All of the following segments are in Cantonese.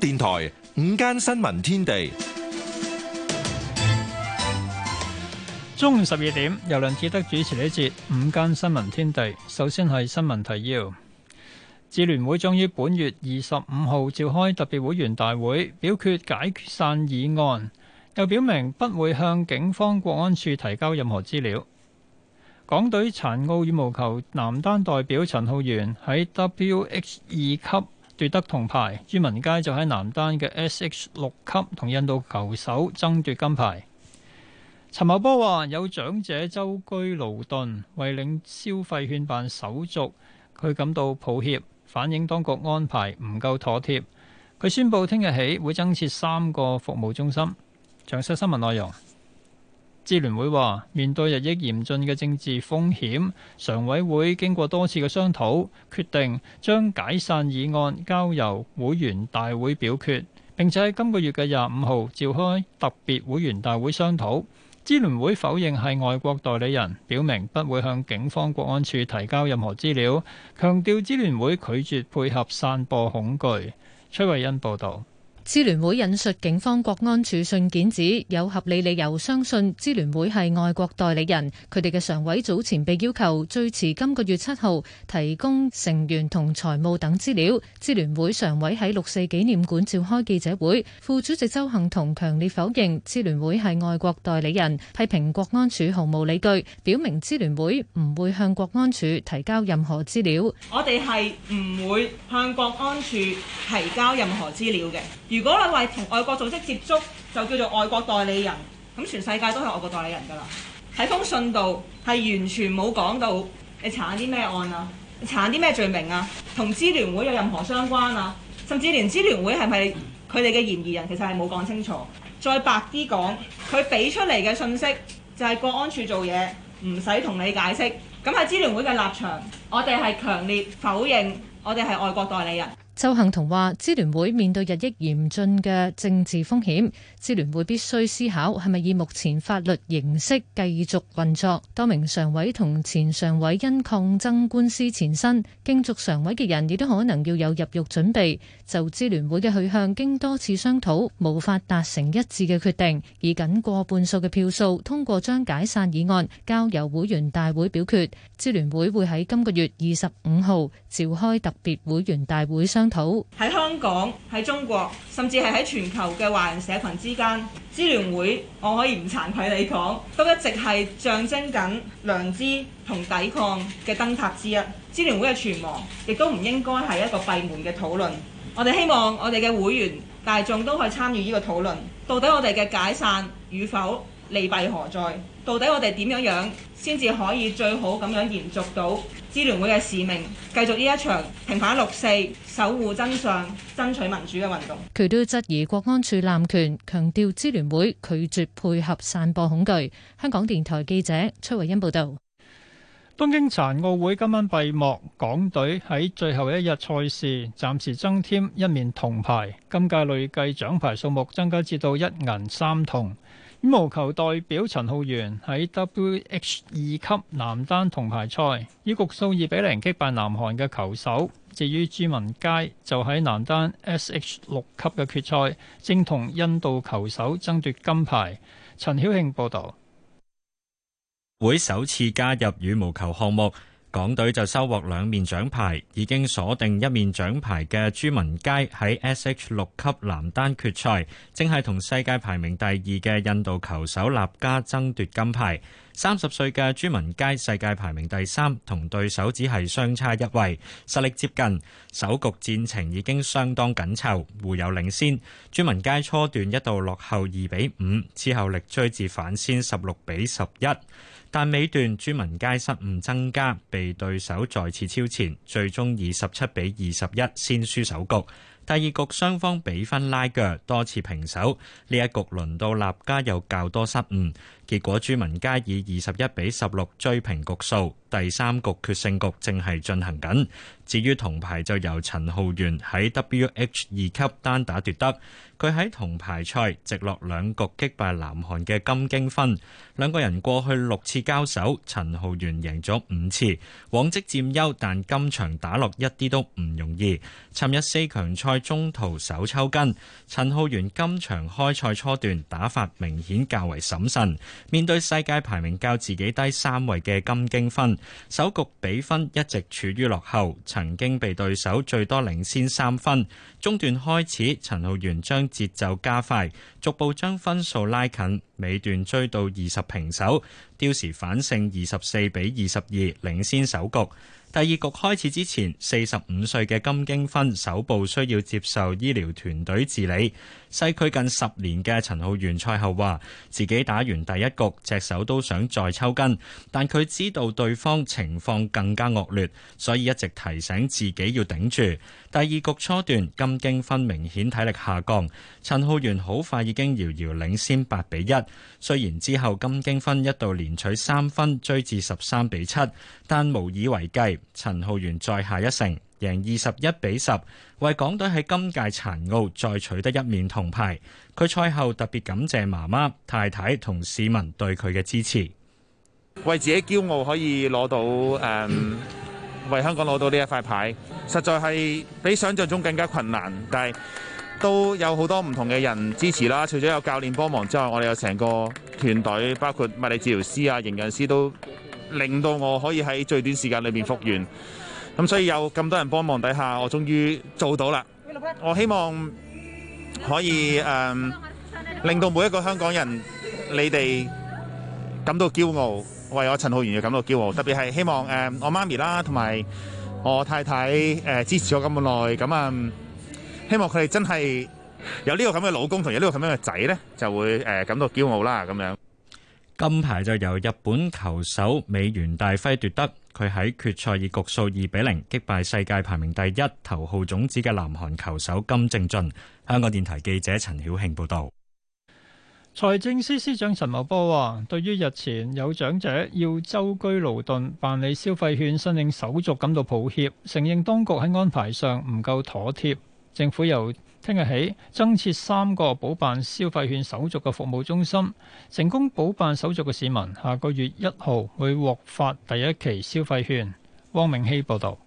電台午間新聞天地，中午十二點，由梁智德主持呢節午間新聞天地。首先係新聞提要：智聯會將於本月二十五號召開特別會員大會，表決解散議案，又表明不會向警方國安處提交任何資料。港隊殘奧羽毛球男單代表陳浩源喺 W H 二級。奪得銅牌，朱文佳就喺男單嘅 SH 六級同印度球手爭奪金牌。陳茂波話：有長者周居勞頓為領消費券辦手續，佢感到抱歉，反映當局安排唔夠妥貼。佢宣布聽日起會增設三個服務中心。詳細新聞內容。支聯會話：面對日益嚴峻嘅政治風險，常委會經過多次嘅商討，決定將解散議案交由會員大會表決，並且喺今個月嘅廿五號召開特別會員大會商討。支聯會否認係外國代理人，表明不會向警方、國安處提交任何資料，強調支聯會拒絕配合散播恐懼。崔慧欣報導。支聯會引述警方國安處信件指，有合理理由相信支聯會係外國代理人，佢哋嘅常委早前被要求最遲今個月七號提供成員同財務等資料。支聯會常委喺六四紀念館召開記者會，副主席周幸彤強烈否認支聯會係外國代理人，批評國安處毫無理據，表明支聯會唔會向國安處提交任何資料。我哋係唔會向國安處提交任何資料嘅。如果你話同外國組織接觸，就叫做外國代理人，咁全世界都係外國代理人㗎啦。喺封信度係完全冇講到你查啲咩案啊，你查啲咩罪名啊，同支聯會有任何相關啊，甚至連支聯會係咪佢哋嘅嫌疑人，其實係冇講清楚。再白啲講，佢俾出嚟嘅信息就係國安處做嘢，唔使同你解釋。咁喺支聯會嘅立場，我哋係強烈否認，我哋係外國代理人。周幸彤話：支聯會面對日益嚴峻嘅政治風險，支聯會必須思考係咪以目前法律形式繼續運作。多名常委同前常委因抗爭官司纏身，競逐常委嘅人亦都可能要有入獄準備。就支聯會嘅去向，經多次商討，無法達成一致嘅決定，以僅過半數嘅票數通過將解散議案交由會員大會表決。支聯會會喺今個月二十五號召開特別會員大會商。喺香港、喺中國，甚至係喺全球嘅華人社群之間，支聯會我可以唔慚愧地講，都一直係象徵緊良知同抵抗嘅燈塔之一。支聯會嘅存亡，亦都唔應該係一個閉門嘅討論。我哋希望我哋嘅會員大眾都可以參與呢個討論。到底我哋嘅解散與否，利弊何在？到底我哋點樣樣先至可以最好咁樣延續到支聯會嘅使命，繼續呢一場平反六四、守護真相、爭取民主嘅運動？佢都質疑國安處濫權，強調支聯會拒絕配合散播恐懼。香港電台記者崔慧欣報道。東京殘奧會今晚閉幕，港隊喺最後一日賽事暫時增添一面銅牌，今屆累計獎牌數目增加至到一銀三銅。羽毛球代表陳浩源喺 WH 二級男單銅牌賽以局數二比零擊敗南韓嘅球手，至於朱文佳就喺男單 SH 六級嘅決賽正同印度球手爭奪金牌。陳曉慶報道，會首次加入羽毛球項目。港隊就收穫兩面獎牌，已經鎖定一面獎牌嘅朱文佳喺 SH 六級男單決賽，正係同世界排名第二嘅印度球手納加爭奪金牌。三十歲嘅朱文佳世界排名第三，同對手只係相差一位，實力接近。首局戰情已經相當緊湊，互有領先。朱文佳初段一度落後二比五，之後力追至反先十六比十一，但尾段朱文佳失誤增加，被對手再次超前，最終以十七比二十一先輸首局。第二局雙方比分拉鋸，多次平手。呢一局輪到立家，有較多失誤。結果朱文佳以二十一比十六追平局數，第三局決勝局正係進行緊。至於銅牌就由陳浩源喺 W H 二級單打奪得。佢喺銅牌賽直落兩局擊敗南韓嘅金京勳。兩個人過去六次交手，陳浩源贏咗五次，往績占優，但今場打落一啲都唔容易。尋日四強賽中途手抽筋，陳浩源今場開賽初段打法明顯較為審慎。面對世界排名較自己低三位嘅金京分，首局比分一直處於落後，曾經被對手最多領先三分。中段開始，陳浩源將節奏加快，逐步將分數拉近。尾段追到二十平手，掉時反勝二十四比二十二，領先首局。第二局開始之前，四十五歲嘅金京芬手部需要接受醫療團隊治理。西區近十年嘅陳浩元賽後話：自己打完第一局隻手都想再抽筋，但佢知道對方情況更加惡劣，所以一直提醒自己要頂住。第二局初段，金京芬明顯體力下降，陳浩元好快已經遙遙領先八比一。雖然之後金京勳一度連取三分，追至十三比七，但無以為繼。陳浩源再下一城，贏二十一比十，為港隊喺今屆殘奧再取得一面銅牌。佢賽後特別感謝媽媽、太太同市民對佢嘅支持，為自己驕傲可以攞到誒，為香港攞到呢一塊牌，實在係比想象中更加困難，但係，都有好多唔同嘅人支持啦，除咗有教練幫忙之外，我哋有成個團隊，包括物理治療師啊、營養師都令到我可以喺最短時間裏面復原。咁所以有咁多人幫忙底下，我終於做到啦。我希望可以誒，令到每一個香港人你哋感到驕傲，為我陳浩源要感到驕傲。特別係希望誒我媽咪啦，同埋我太太誒支持我咁耐，咁啊～希望佢哋真係有呢個咁嘅老公，同有呢個咁樣嘅仔咧，就會誒，感到驕傲啦。咁樣金牌就由日本球手美元大輝奪得，佢喺決賽以局數二比零擊敗世界排名第一、頭號種子嘅南韓球手金正俊。香港電台記者陳曉慶報道。財政司司，司長陳茂波話：對於日前有長者要舟車勞頓辦理消費券申請手續，感到抱歉，承認當局喺安排上唔夠妥貼。政府由聽日起增設三個補辦消費券手續嘅服務中心，成功補辦手續嘅市民，下個月一號會獲發第一期消費券。汪明希報導。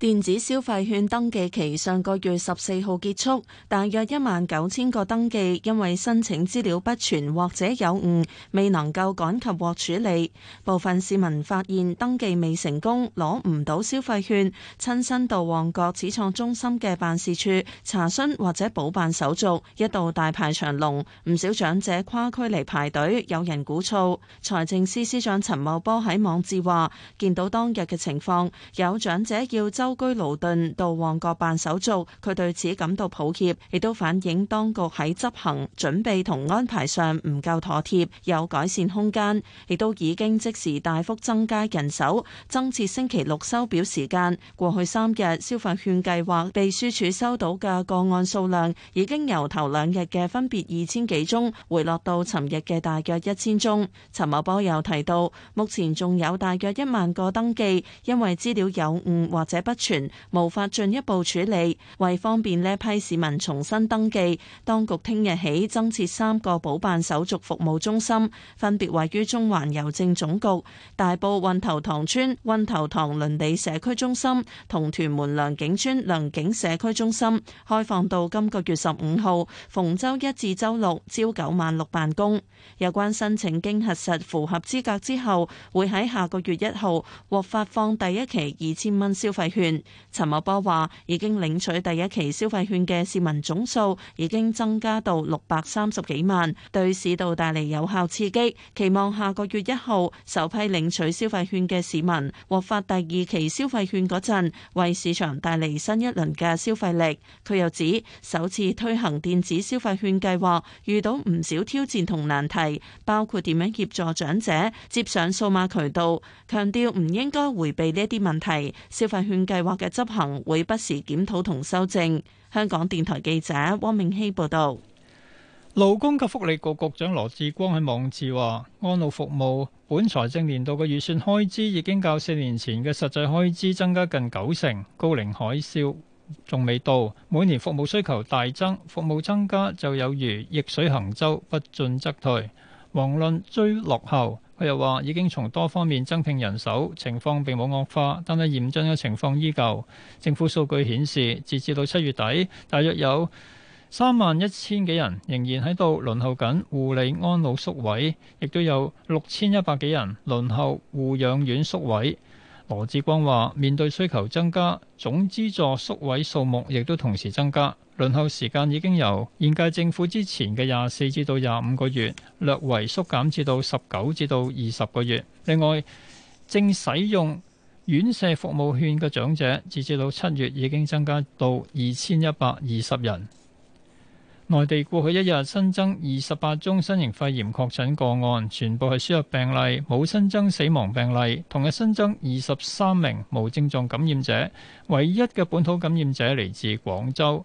電子消費券登記期上個月十四號結束，大約一萬九千個登記因為申請資料不全或者有誤，未能夠趕及獲處理。部分市民發現登記未成功，攞唔到消費券，親身到旺角始創中心嘅辦事處查詢或者補辦手續，一度大排長龍。唔少長者跨區嚟排隊，有人鼓噪。財政司司長陳茂波喺網誌話：見到當日嘅情況，有長者要周高居勞頓到旺角辦手續，佢對此感到抱歉，亦都反映當局喺執行、準備同安排上唔夠妥帖，有改善空間，亦都已經即時大幅增加人手，增設星期六收表時間。過去三日消費券計劃秘書處收到嘅個案數量，已經由頭兩日嘅分別二千幾宗，回落到尋日嘅大約一千宗。陳茂波又提到，目前仲有大約一萬個登記，因為資料有誤或者不全無法進一步處理，為方便呢批市民重新登記，當局聽日起增設三個補辦手續服務中心，分別位於中環郵政總局、大埔運頭塘村、運頭塘鄰地社區中心同屯門良景村良景社區中心，開放到今個月十五號，逢周一至周六朝九晚六辦公。有關申請經核實符合資格之後，會喺下個月一號獲發放第一期二千蚊消費券。陳茂波話：已經領取第一期消費券嘅市民總數已經增加到六百三十幾萬，對市道帶嚟有效刺激。期望下個月一號首批領取消費券嘅市民獲發第二期消費券嗰陣，為市場帶嚟新一輪嘅消費力。佢又指，首次推行電子消費券計劃遇到唔少挑戰同難題，包括點樣協助長者接上數碼渠道，強調唔應該回避呢啲問題。消費券計計劃嘅執行會不時檢討同修正。香港電台記者汪明熙報道，勞工及福利局局長羅志光喺網誌話，安老服務本財政年度嘅預算開支已經較四年前嘅實際開支增加近九成，高齡海嘯仲未到，每年服務需求大增，服務增加就有如逆水行舟，不進則退，遑論追落後。佢又話已經從多方面增聘人手，情況並冇惡化，但係嚴峻嘅情況依舊。政府數據顯示，截至到七月底，大約有三萬一千幾人仍然喺度輪候緊護理安老宿位，亦都有六千一百幾人輪候護養院宿位。羅志光話：面對需求增加，總資助宿位數目亦都同時增加。輪候時間已經由現屆政府之前嘅廿四至到廿五個月，略為縮減至到十九至到二十個月。另外，正使用院舍服務券嘅長者，截至到七月已經增加到二千一百二十人。內地過去一日新增二十八宗新型肺炎確診個案，全部係輸入病例，冇新增死亡病例。同日新增二十三名無症狀感染者，唯一嘅本土感染者嚟自廣州。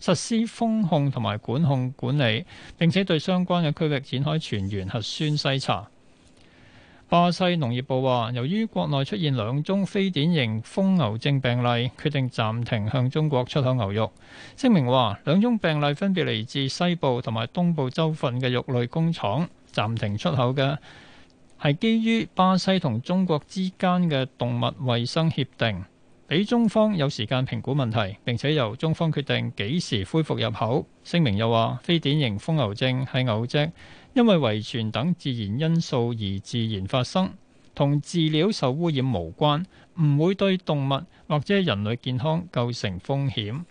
實施封控同埋管控管理，並且對相關嘅區域展開全員核酸篩查。巴西農業部話，由於國內出現兩宗非典型瘋牛症病例，決定暫停向中國出口牛肉。聲明話，兩宗病例分別嚟自西部同埋東部州份嘅肉類工廠，暫停出口嘅係基於巴西同中國之間嘅動物衛生協定。俾中方有時間評估問題，並且由中方決定幾時恢復入口。聲明又話：非典型瘋牛症係牛隻因為遺傳等自然因素而自然發生，同飼料受污染無關，唔會對動物或者人類健康構成風險。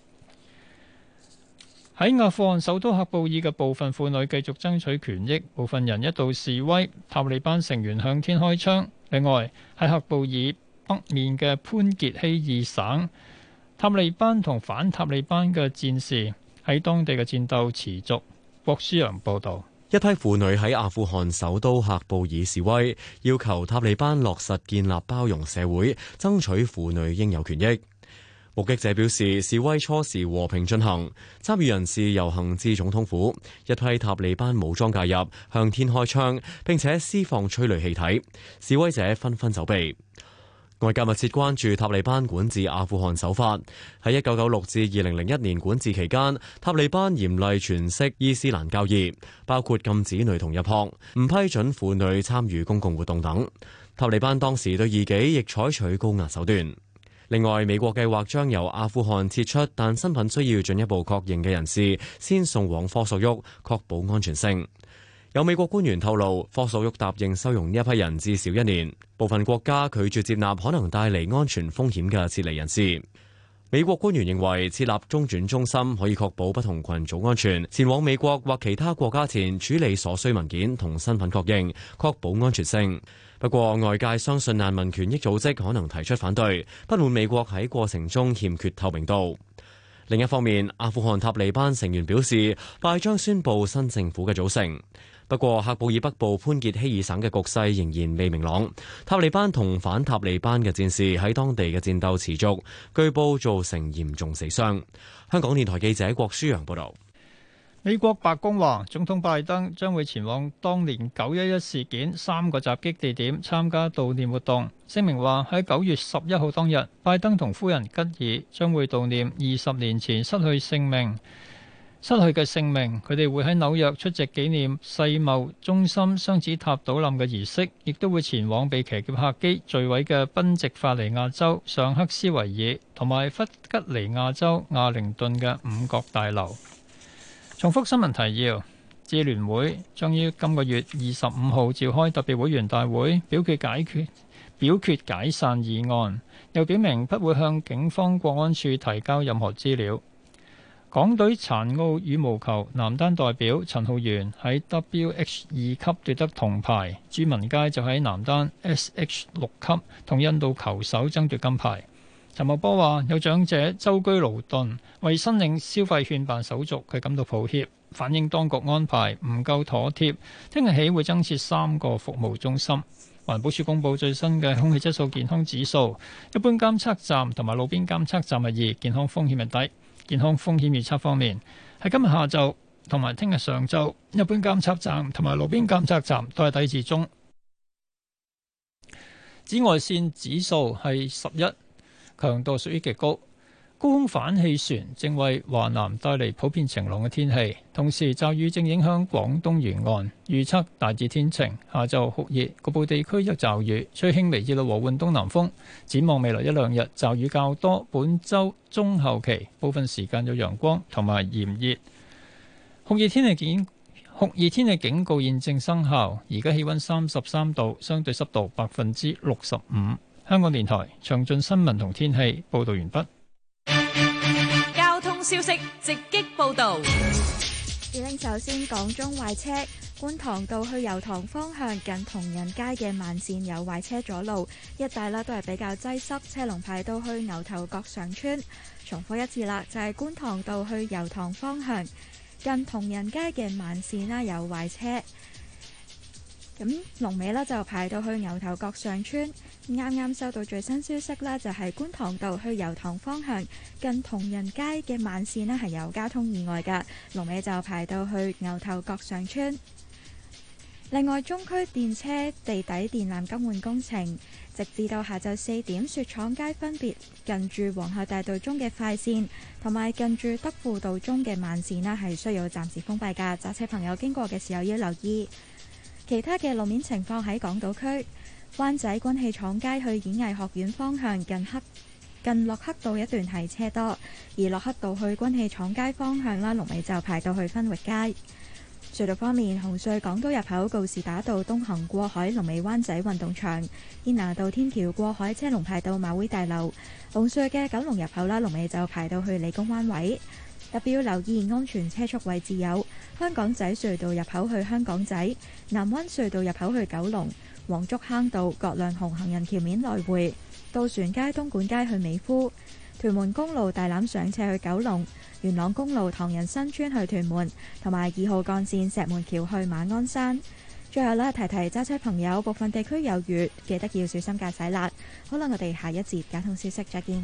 喺阿富汗首都喀布爾嘅部分婦女繼續爭取權益，部分人一度示威，塔利班成員向天開槍。另外喺喀布爾，北面嘅潘傑希爾省，塔利班同反塔利班嘅戰士喺當地嘅戰鬥持續。霍舒陽報道：一批婦女喺阿富汗首都喀布爾示威，要求塔利班落實建立包容社會，爭取婦女應有權益。目擊者表示，示威初時和平進行，參與人士遊行至總統府。一批塔利班武裝介入，向天開槍，並且施放催淚氣體，示威者紛紛走避。外界密切關注塔利班管治阿富汗手法。喺一九九六至二零零一年管治期間，塔利班嚴厲詮釋伊斯蘭教義，包括禁止女童入學、唔批准婦女參與公共活動等。塔利班當時對異己亦採取高壓手段。另外，美國計劃將由阿富汗撤出，但身份需要進一步確認嘅人士，先送往科索沃確保安全性。有美國官員透露，科索沃答應收容呢一批人至少一年。部分國家拒絕接納可能帶嚟安全風險嘅撤離人士。美國官員認為設立中轉中心可以確保不同群組安全。前往美國或其他國家前處理所需文件同身份確認，確保安全性。不過外界相信難民權益組織可能提出反對，不滿美國喺過程中欠缺透明度。另一方面，阿富汗塔利班成員表示，快將宣布新政府嘅組成。不過，喀布爾北部潘傑希爾省嘅局勢仍然未明朗，塔利班同反塔利班嘅戰士喺當地嘅戰鬥持續，據報造成嚴重死傷。香港電台記者郭舒揚報道。美國白宮話，總統拜登將會前往當年九一一事件三個襲擊地點參加悼念活動。聲明話喺九月十一號當日，拜登同夫人吉爾將會悼念二十年前失去性命。失去嘅性命，佢哋會喺紐約出席紀念世貿中心雙子塔倒冧嘅儀式，亦都會前往被騎劫客機墜毀嘅賓夕法尼亞州上克斯維爾同埋弗吉尼亞州亞靈頓嘅五角大樓。重複新聞提要，支聯會將於今個月二十五號召開特別會員大會表決解決表決解散議案，又表明不會向警方國安處提交任何資料。港隊殘奧羽毛球男單代表陳浩源喺 W H 二級奪得銅牌，朱文佳就喺男單 S H 六級同印度球手爭奪金牌。陳茂波話：有長者周居勞頓為申領消費券辦手續，佢感到抱歉，反映當局安排唔夠妥貼。聽日起會增設三個服務中心。環保署公布最新嘅空氣質素健康指數，一般監測站同埋路邊監測站係二，健康風險係低。健康風險預測方面，喺今日下晝同埋聽日上晝，一般監測站同埋路邊監測站都係低至中。紫外線指數係十一，強度屬於極高。高空反氣旋正為華南帶嚟普遍晴朗嘅天氣，同時驟雨正影響廣東沿岸。預測大致天晴，下晝酷熱，局部地區有驟雨，吹輕微至到和緩東南風。展望未來一兩日驟雨較多，本周中後期部分時間有陽光同埋炎熱酷熱天氣警酷熱天氣警告現正生效。而家氣溫三十三度，相對濕度百分之六十五。香港電台詳盡新聞同天氣報道完畢。消息直擊報道。首先，講中壞車，觀塘道去油塘方向近同仁街嘅慢線有壞車阻路，一帶啦都係比較擠塞，車龍排到去牛頭角上村。重複一次啦，就係、是、觀塘道去油塘方向近同仁街嘅慢線啦有壞車。咁龍尾呢就排到去牛頭角上村。啱啱收到最新消息啦，就係觀塘道去油塘方向近同仁街嘅慢綫呢係有交通意外噶，龍尾就排到去牛頭角上村。另外，中區電車地底電纜更換工程，直至到下晝四點，雪廠街分別近住皇后大道中嘅快綫同埋近住德輔道中嘅慢綫呢係需要暫時封閉噶，揸車朋友經過嘅時候要留意。其他嘅路面情況，喺港島區，灣仔軍器廠街去演藝學院方向近黑近駱克道一段係車多，而駱克道去軍器廠街方向啦，龍尾就排到去分域街。隧道方面，紅隧港島入口告士打道東行過海，龍尾灣仔運動場；堅拿道天橋過海，車龍排到馬會大樓。紅隧嘅九龍入口啦，龍尾就排到去理工灣位。特別要留意安全車速位置有：香港仔隧道入口去香港仔、南灣隧道入口去九龍、黃竹坑道、葛量洪行人橋面來回、渡船街、東莞街去美孚、屯門公路大欖上斜去九龍、元朗公路唐人新村去屯門、同埋二號幹線石門橋去馬鞍山。最後咧提提揸車朋友，部分地區有雨，記得要小心駕駛啦。好啦，我哋下一節交通消息再見。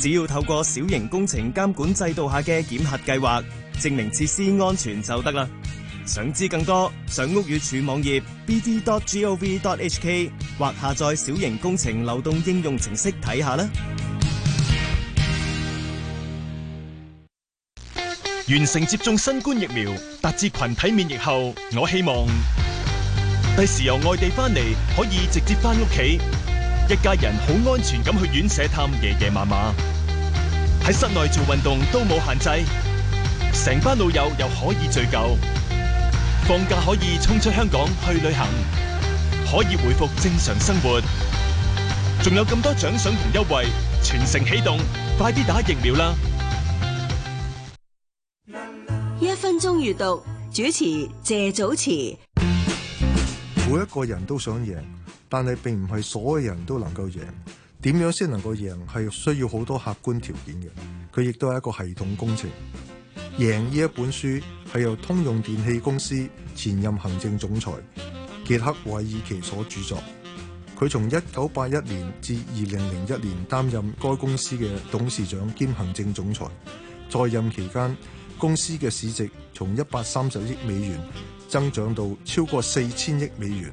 只要透過小型工程監管制度下嘅檢核計劃，證明設施安全就得啦。想知更多，上屋宇署網頁 bd.gov.hk 或下載小型工程流動應用程式睇下啦。完成接種新冠疫苗，達至群體免疫後，我希望第時由外地翻嚟可以直接翻屋企。一家人好安全咁去院舍探爺爺嫲嫲，喺室內做運動都冇限制，成班老友又可以聚舊，放假可以衝出香港去旅行，可以回復正常生活，仲有咁多獎賞同優惠，全城起動，快啲打疫苗啦！一分鐘閱讀，主持謝祖慈，每一個人都想贏。但係並唔係所有人都能夠贏，點樣先能夠贏？係需要好多客觀條件嘅，佢亦都係一個系統工程。贏呢一本書，係由通用電器公司前任行政總裁傑克·韋爾奇所著作。佢從一九八一年至二零零一年擔任該公司嘅董事長兼行政總裁，在任期間，公司嘅市值從一百三十億美元增長到超過四千億美元。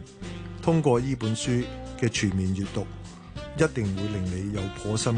通過呢本書嘅全面閱讀，一定會令你有頗深。